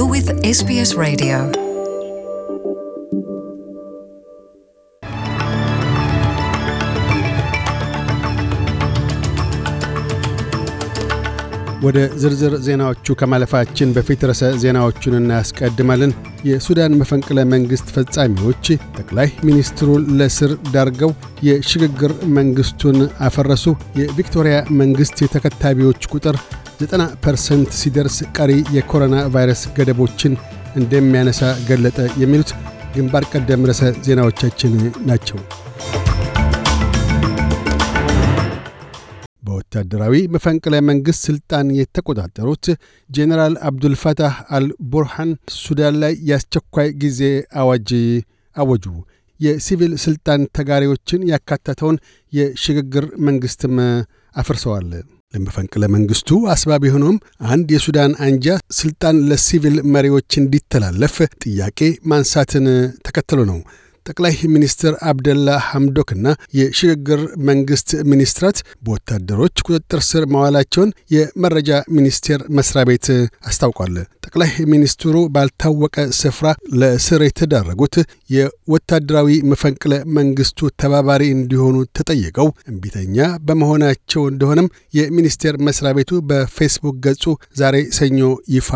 You're with SBS Radio. ወደ ዝርዝር ዜናዎቹ ከማለፋችን በፊት ርዕሰ ዜናዎቹን እናስቀድማለን። የሱዳን መፈንቅለ መንግሥት ፈጻሚዎች ጠቅላይ ሚኒስትሩን ለስር ዳርገው የሽግግር መንግሥቱን አፈረሱ። የቪክቶሪያ መንግሥት የተከታቢዎች ቁጥር 90 ፐርሰንት ሲደርስ ቀሪ የኮሮና ቫይረስ ገደቦችን እንደሚያነሳ ገለጠ። የሚሉት ግንባር ቀደም ረዕሰ ዜናዎቻችን ናቸው። በወታደራዊ መፈንቅለ መንግሥት ሥልጣን የተቆጣጠሩት ጄኔራል አብዱልፈታህ አልቡርሃን ሱዳን ላይ የአስቸኳይ ጊዜ አዋጅ አወጁ። የሲቪል ሥልጣን ተጋሪዎችን ያካተተውን የሽግግር መንግሥትም አፍርሰዋል። ለመፈንቅለ መንግስቱ አስባብ የሆነውም አንድ የሱዳን አንጃ ስልጣን ለሲቪል መሪዎች እንዲተላለፍ ጥያቄ ማንሳትን ተከትሎ ነው። ጠቅላይ ሚኒስትር አብደላ ሐምዶክና የሽግግር መንግስት ሚኒስትራት በወታደሮች ቁጥጥር ስር መዋላቸውን የመረጃ ሚኒስቴር መስሪያ ቤት አስታውቋል። ጠቅላይ ሚኒስትሩ ባልታወቀ ስፍራ ለእስር የተዳረጉት የወታደራዊ መፈንቅለ መንግስቱ ተባባሪ እንዲሆኑ ተጠይቀው እምቢተኛ በመሆናቸው እንደሆነም የሚኒስቴር መስሪያ ቤቱ በፌስቡክ ገጹ ዛሬ ሰኞ ይፋ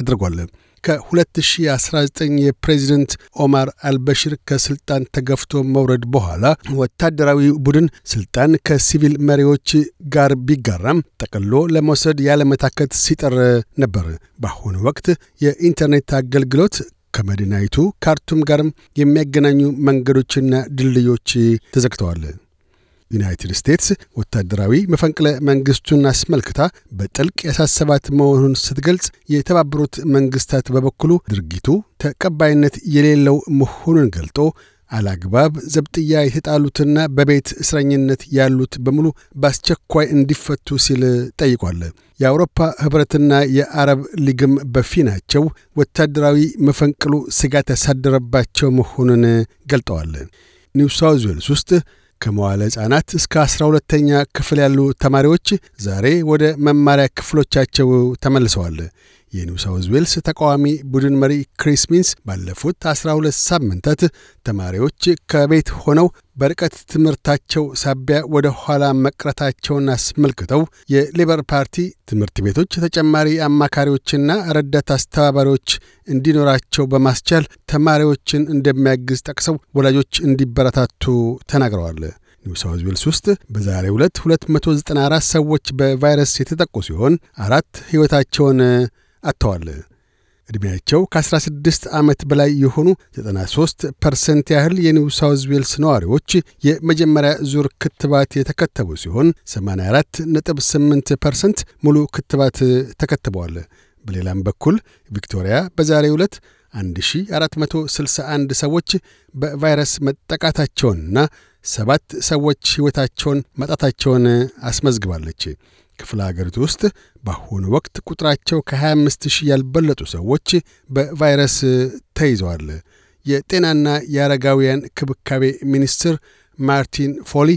አድርጓል። ከ2019 የፕሬዚደንት ኦማር አልበሽር ከስልጣን ተገፍቶ መውረድ በኋላ ወታደራዊ ቡድን ስልጣን ከሲቪል መሪዎች ጋር ቢጋራም ጠቅሎ ለመውሰድ ያለመታከት ሲጠር ነበር። በአሁኑ ወቅት የኢንተርኔት አገልግሎት ከመዲናይቱ ካርቱም ጋርም የሚያገናኙ መንገዶችና ድልድዮች ተዘግተዋል። ዩናይትድ ስቴትስ ወታደራዊ መፈንቅለ መንግስቱን አስመልክታ በጥልቅ ያሳሰባት መሆኑን ስትገልጽ፣ የተባበሩት መንግስታት በበኩሉ ድርጊቱ ተቀባይነት የሌለው መሆኑን ገልጦ አላግባብ ዘብጥያ የተጣሉትና በቤት እስረኝነት ያሉት በሙሉ በአስቸኳይ እንዲፈቱ ሲል ጠይቋል። የአውሮፓ ህብረትና የአረብ ሊግም በፊናቸው ወታደራዊ መፈንቅሉ ስጋት ያሳደረባቸው መሆኑን ገልጠዋል። ኒው ሳውዝ ዌልስ ውስጥ ከመዋለ ሕፃናት እስከ አስራ ሁለተኛ ክፍል ያሉ ተማሪዎች ዛሬ ወደ መማሪያ ክፍሎቻቸው ተመልሰዋል። የኒው ሳውዝ ዌልስ ተቃዋሚ ቡድን መሪ ክሪስ ሚንስ ባለፉት 12 ሳምንታት ተማሪዎች ከቤት ሆነው በርቀት ትምህርታቸው ሳቢያ ወደ ኋላ መቅረታቸውን አስመልክተው የሊበር ፓርቲ ትምህርት ቤቶች ተጨማሪ አማካሪዎችና ረዳት አስተባባሪዎች እንዲኖራቸው በማስቻል ተማሪዎችን እንደሚያግዝ ጠቅሰው ወላጆች እንዲበረታቱ ተናግረዋል። ኒው ሳውዝ ዌልስ ውስጥ በዛሬ ሁለት 294 ሰዎች በቫይረስ የተጠቁ ሲሆን አራት ሕይወታቸውን አጥተዋል። ዕድሜያቸው ከ16 ዓመት በላይ የሆኑ 93 ፐርሰንት ያህል የኒው ሳውዝ ዌልስ ነዋሪዎች የመጀመሪያ ዙር ክትባት የተከተቡ ሲሆን 84 ነጥብ 8 ፐርሰንት ሙሉ ክትባት ተከትበዋል። በሌላም በኩል ቪክቶሪያ በዛሬ ዕለት 1461 ሰዎች በቫይረስ መጠቃታቸውንና ሰባት ሰዎች ሕይወታቸውን ማጣታቸውን አስመዝግባለች። ክፍለ አገሪቱ ውስጥ በአሁኑ ወቅት ቁጥራቸው ከ25 ሺህ ያልበለጡ ሰዎች በቫይረስ ተይዘዋል። የጤናና የአረጋውያን ክብካቤ ሚኒስትር ማርቲን ፎሊ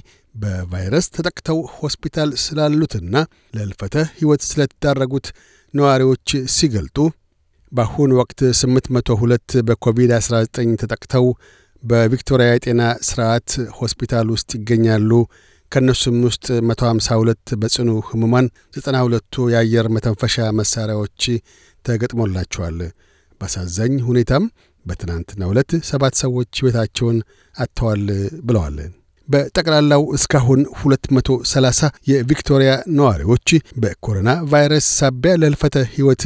በቫይረስ ተጠቅተው ሆስፒታል ስላሉትና ለልፈተ ሕይወት ስለተዳረጉት ነዋሪዎች ሲገልጡ በአሁኑ ወቅት 802 በኮቪድ-19 ተጠቅተው በቪክቶሪያ የጤና ሥርዓት ሆስፒታል ውስጥ ይገኛሉ ከእነሱም ውስጥ 152 በጽኑ ህሙማን፣ 92ቱ የአየር መተንፈሻ መሣሪያዎች ተገጥሞላቸዋል። በአሳዛኝ ሁኔታም በትናንትናው ዕለት ሰባት ሰዎች ሕይወታቸውን አጥተዋል ብለዋል። በጠቅላላው እስካሁን 230 የቪክቶሪያ ነዋሪዎች በኮሮና ቫይረስ ሳቢያ ለልፈተ ሕይወት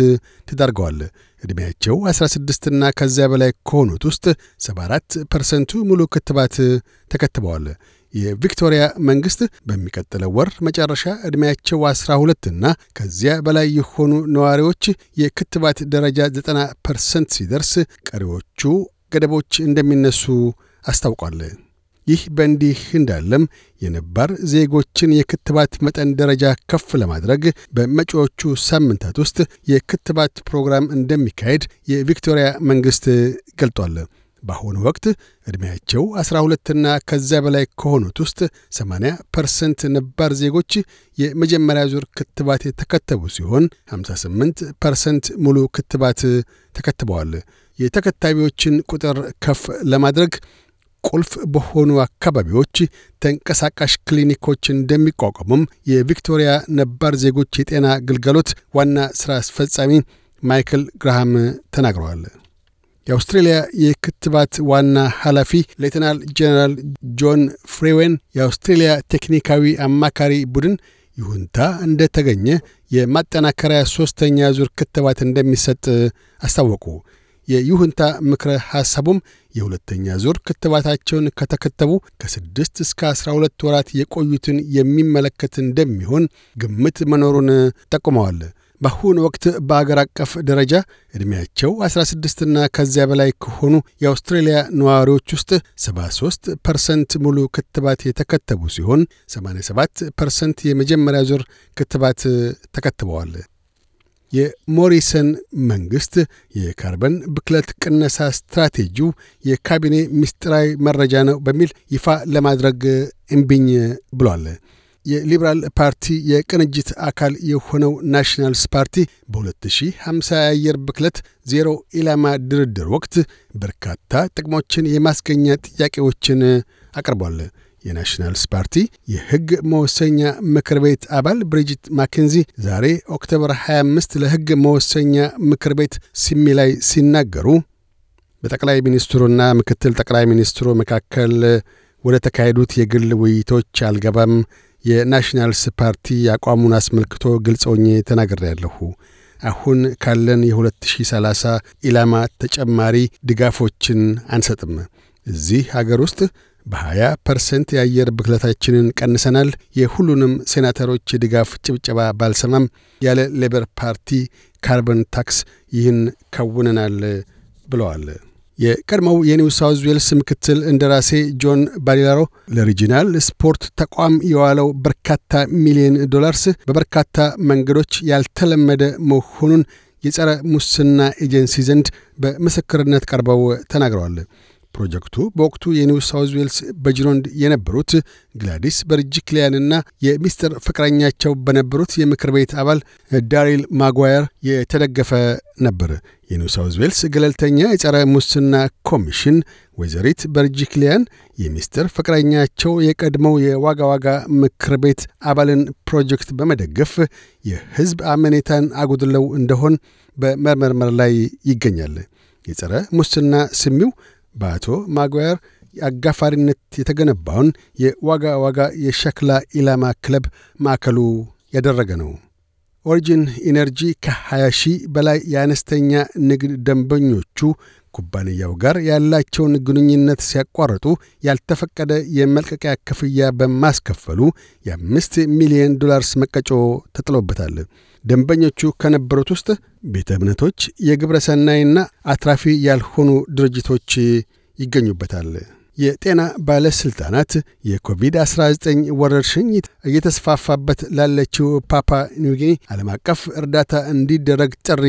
ተዳርገዋል። ዕድሜያቸው 16ና ከዚያ በላይ ከሆኑት ውስጥ 74 ፐርሰንቱ ሙሉ ክትባት ተከትበዋል። የቪክቶሪያ መንግስት በሚቀጥለው ወር መጨረሻ ዕድሜያቸው ሁለት እና ከዚያ በላይ የሆኑ ነዋሪዎች የክትባት ደረጃ 90 ፐርሰንት ሲደርስ ቀሪዎቹ ገደቦች እንደሚነሱ አስታውቋል። ይህ በእንዲህ እንዳለም የነባር ዜጎችን የክትባት መጠን ደረጃ ከፍ ለማድረግ በመጪዎቹ ሳምንታት ውስጥ የክትባት ፕሮግራም እንደሚካሄድ የቪክቶሪያ መንግሥት ገልጧል። በአሁኑ ወቅት ዕድሜያቸው 12ና ከዚያ በላይ ከሆኑት ውስጥ 80 ፐርሰንት ነባር ዜጎች የመጀመሪያ ዙር ክትባት የተከተቡ ሲሆን 58 ፐርሰንት ሙሉ ክትባት ተከትበዋል። የተከታቢዎችን ቁጥር ከፍ ለማድረግ ቁልፍ በሆኑ አካባቢዎች ተንቀሳቃሽ ክሊኒኮች እንደሚቋቋሙም የቪክቶሪያ ነባር ዜጎች የጤና ግልጋሎት ዋና ሥራ አስፈጻሚ ማይክል ግርሃም ተናግረዋል። የአውስትሬልያ የክትባት ዋና ኃላፊ ሌተናል ጄኔራል ጆን ፍሬዌን የአውስትሬልያ ቴክኒካዊ አማካሪ ቡድን ይሁንታ እንደተገኘ የማጠናከሪያ ሦስተኛ ዙር ክትባት እንደሚሰጥ አስታወቁ። የይሁንታ ምክረ ሐሳቡም የሁለተኛ ዙር ክትባታቸውን ከተከተቡ ከ6 እስከ 12 ወራት የቆዩትን የሚመለከት እንደሚሆን ግምት መኖሩን ጠቁመዋል። በአሁኑ ወቅት በአገር አቀፍ ደረጃ ዕድሜያቸው 16ና ከዚያ በላይ ከሆኑ የአውስትሬልያ ነዋሪዎች ውስጥ 73 ፐርሰንት ሙሉ ክትባት የተከተቡ ሲሆን 87 ፐርሰንት የመጀመሪያ ዙር ክትባት ተከትበዋል። የሞሪሰን መንግሥት የካርበን ብክለት ቅነሳ ስትራቴጂው የካቢኔ ምስጢራዊ መረጃ ነው በሚል ይፋ ለማድረግ እምቢኝ ብሏል። የሊበራል ፓርቲ የቅንጅት አካል የሆነው ናሽናልስ ፓርቲ በ2050 የአየር ብክለት ዜሮ ኢላማ ድርድር ወቅት በርካታ ጥቅሞችን የማስገኛ ጥያቄዎችን አቅርቧል። የናሽናልስ ፓርቲ የሕግ መወሰኛ ምክር ቤት አባል ብሪጅት ማኬንዚ ዛሬ ኦክቶበር 25 ለሕግ መወሰኛ ምክር ቤት ሲሚ ላይ ሲናገሩ በጠቅላይ ሚኒስትሩና ምክትል ጠቅላይ ሚኒስትሩ መካከል ወደ ተካሄዱት የግል ውይይቶች አልገባም የናሽናልስ ፓርቲ አቋሙን አስመልክቶ ግልጽ ሆኜ ያለሁ አሁን ካለን የ2030 ኢላማ ተጨማሪ ድጋፎችን አንሰጥም። እዚህ አገር ውስጥ በ20 ፐርሰንት የአየር ብክለታችንን ቀንሰናል። የሁሉንም ሴናተሮች ድጋፍ ጭብጨባ ባልሰማም ያለ ሌበር ፓርቲ ካርበን ታክስ ይህን ከውነናል ብለዋል። የቀድሞው የኒው ሳውዝ ዌልስ ምክትል እንደራሴ ጆን ባሪላሮ ለሪጂናል ስፖርት ተቋም የዋለው በርካታ ሚሊዮን ዶላርስ በበርካታ መንገዶች ያልተለመደ መሆኑን የጸረ ሙስና ኤጀንሲ ዘንድ በምስክርነት ቀርበው ተናግረዋል። ፕሮጀክቱ በወቅቱ የኒው ሳውዝ ዌልስ በጅሮንድ የነበሩት ግላዲስ በርጅክሊያንና የሚስጥር ፍቅረኛቸው በነበሩት የምክር ቤት አባል ዳሪል ማጓየር የተደገፈ ነበር። የኒው ሳውዝ ዌልስ ገለልተኛ የጸረ ሙስና ኮሚሽን ወይዘሪት በርጅክሊያን የሚስጥር ፍቅረኛቸው የቀድሞው የዋጋ ዋጋ ምክር ቤት አባልን ፕሮጀክት በመደገፍ የሕዝብ አመኔታን አጉድለው እንደሆን በመመርመር ላይ ይገኛል። የጸረ ሙስና ስሚው በአቶ ማጓየር አጋፋሪነት የተገነባውን የዋጋ ዋጋ የሸክላ ኢላማ ክለብ ማዕከሉ ያደረገ ነው። ኦሪጂን ኢነርጂ ከ20 ሺህ በላይ የአነስተኛ ንግድ ደንበኞቹ ኩባንያው ጋር ያላቸውን ግንኙነት ሲያቋርጡ ያልተፈቀደ የመልቀቂያ ክፍያ በማስከፈሉ የአምስት ሚሊዮን ዶላርስ መቀጮ ተጥሎበታል። ደንበኞቹ ከነበሩት ውስጥ ቤተ እምነቶች፣ የግብረ ሰናይና አትራፊ ያልሆኑ ድርጅቶች ይገኙበታል። የጤና ባለሥልጣናት የኮቪድ-19 ወረርሽኝ እየተስፋፋበት ላለችው ፓፓ ኒውጊኒ ዓለም አቀፍ እርዳታ እንዲደረግ ጥሪ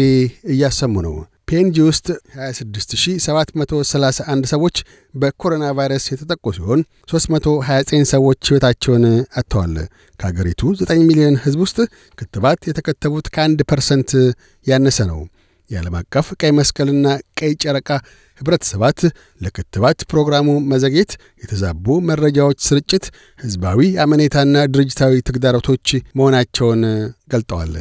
እያሰሙ ነው። ፔንጂ ውስጥ 26731 ሰዎች በኮሮና ቫይረስ የተጠቁ ሲሆን 329 ሰዎች ሕይወታቸውን አጥተዋል። ከአገሪቱ 9 ሚሊዮን ሕዝብ ውስጥ ክትባት የተከተቡት ከ1 ፐርሰንት ያነሰ ነው። የዓለም አቀፍ ቀይ መስቀልና ቀይ ጨረቃ ኅብረተሰባት ለክትባት ፕሮግራሙ መዘግየት፣ የተዛቡ መረጃዎች ስርጭት፣ ሕዝባዊ አመኔታና ድርጅታዊ ተግዳሮቶች መሆናቸውን ገልጠዋል።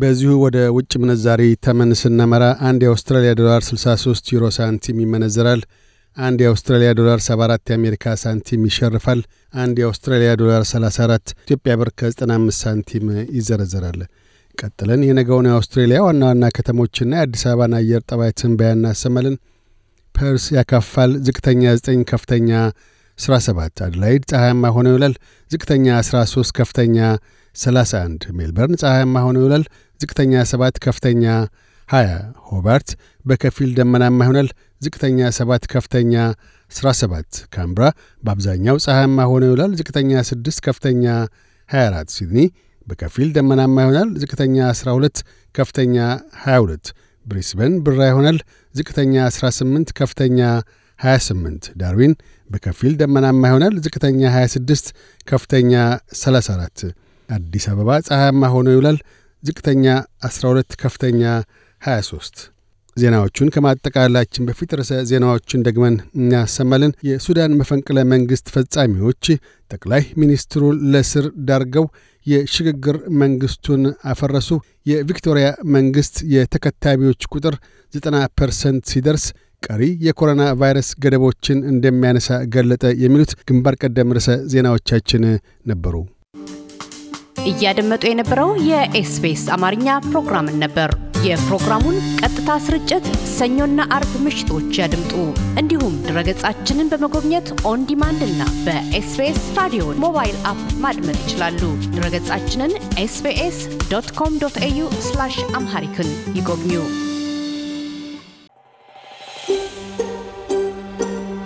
በዚሁ ወደ ውጭ ምንዛሪ ተመን ስነመራ አንድ የአውስትራሊያ ዶላር 63 ዩሮ ሳንቲም ይመነዘራል። አንድ የአውስትራሊያ ዶላር 74 የአሜሪካ ሳንቲም ይሸርፋል። አንድ የአውስትራሊያ ዶላር 34 ኢትዮጵያ ብር ከ95 ሳንቲም ይዘረዘራል። ቀጥለን የነገውን የአውስትሬሊያ ዋና ዋና ከተሞችና የአዲስ አበባን አየር ጠባይ ትንበያ እናሰማለን። ፐርስ ያካፋል። ዝቅተኛ 9 ከፍተኛ 17 አድላይድ ፀሐያማ ሆኖ ይውላል። ዝቅተኛ 13 ከፍተኛ 31 ሜልበርን ፀሐያማ ሆኖ ይውላል። ዝቅተኛ 7 ከፍተኛ 20 ሆባርት በከፊል ደመናማ ይሆናል። ዝቅተኛ 7 ከፍተኛ 17 ካምብራ በአብዛኛው ፀሐያማ ሆኖ ይውላል። ዝቅተኛ 6 ከፍተኛ 24 ሲድኒ በከፊል ደመናማ ይሆናል። ዝቅተኛ 12 ከፍተኛ 22 ብሪስበን ብራ ይሆናል። ዝቅተኛ 18 ከፍተኛ 28 ዳርዊን በከፊል ደመናማ ይሆናል። ዝቅተኛ 26፣ ከፍተኛ 34። አዲስ አበባ ፀሐያማ ሆኖ ይውላል። ዝቅተኛ 12፣ ከፍተኛ 23። ዜናዎቹን ከማጠቃላችን በፊት ርዕሰ ዜናዎቹን ደግመን እናሰማለን። የሱዳን መፈንቅለ መንግሥት ፈጻሚዎች ጠቅላይ ሚኒስትሩን ለስር ዳርገው የሽግግር መንግሥቱን አፈረሱ። የቪክቶሪያ መንግሥት የተከታቢዎች ቁጥር 90 ፐርሰንት ሲደርስ ቀሪ የኮሮና ቫይረስ ገደቦችን እንደሚያነሳ ገለጠ። የሚሉት ግንባር ቀደም ርዕሰ ዜናዎቻችን ነበሩ። እያደመጡ የነበረው የኤስቢኤስ አማርኛ ፕሮግራምን ነበር። የፕሮግራሙን ቀጥታ ስርጭት ሰኞና አርብ ምሽቶች ያድምጡ። እንዲሁም ድረገጻችንን በመጎብኘት ኦን ዲማንድ እና በኤስቢኤስ ራዲዮን ሞባይል አፕ ማድመጥ ይችላሉ። ድረገጻችንን ኤስቢኤስ ዶት ኮም ዶት ኤዩ አምሃሪክን ይጎብኙ።